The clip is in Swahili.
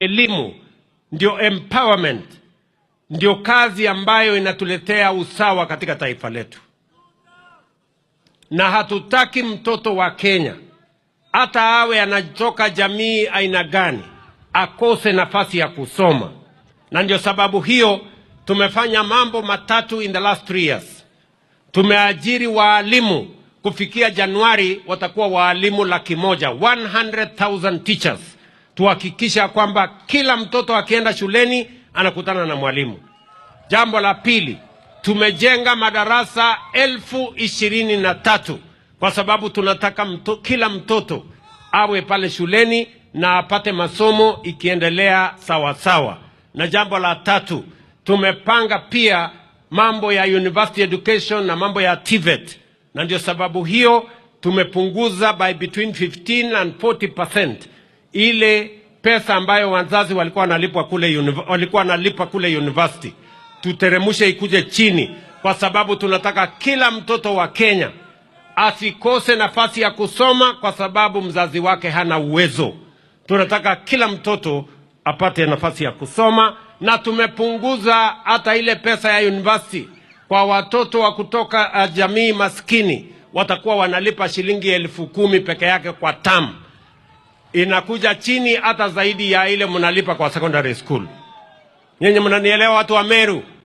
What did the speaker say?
Elimu ndio empowerment, ndio kazi ambayo inatuletea usawa katika taifa letu, na hatutaki mtoto wa Kenya hata awe anatoka jamii aina gani akose nafasi ya kusoma, na ndio sababu hiyo tumefanya mambo matatu in the last three years. Tumeajiri waalimu kufikia Januari watakuwa waalimu laki moja 100,000 teachers tuhakikisha kwamba kila mtoto akienda shuleni anakutana na mwalimu. Jambo la pili, tumejenga madarasa elfu ishirini na tatu kwa sababu tunataka mto, kila mtoto awe pale shuleni na apate masomo ikiendelea sawasawa sawa. Na jambo la tatu tumepanga pia mambo ya university education na mambo ya TVET, na ndio sababu hiyo tumepunguza by between 15 and 40 percent ile pesa ambayo wazazi walikuwa wanalipwa kule, walikuwa wanalipa kule university tuteremshe ikuje chini, kwa sababu tunataka kila mtoto wa Kenya asikose nafasi ya kusoma kwa sababu mzazi wake hana uwezo. Tunataka kila mtoto apate nafasi ya kusoma, na tumepunguza hata ile pesa ya university kwa watoto wa kutoka eh, jamii maskini, watakuwa wanalipa shilingi elfu kumi peke yake kwa tamu inakuja chini hata zaidi ya ile mnalipa kwa secondary school. Nyenye mnanielewa, watu wa Meru?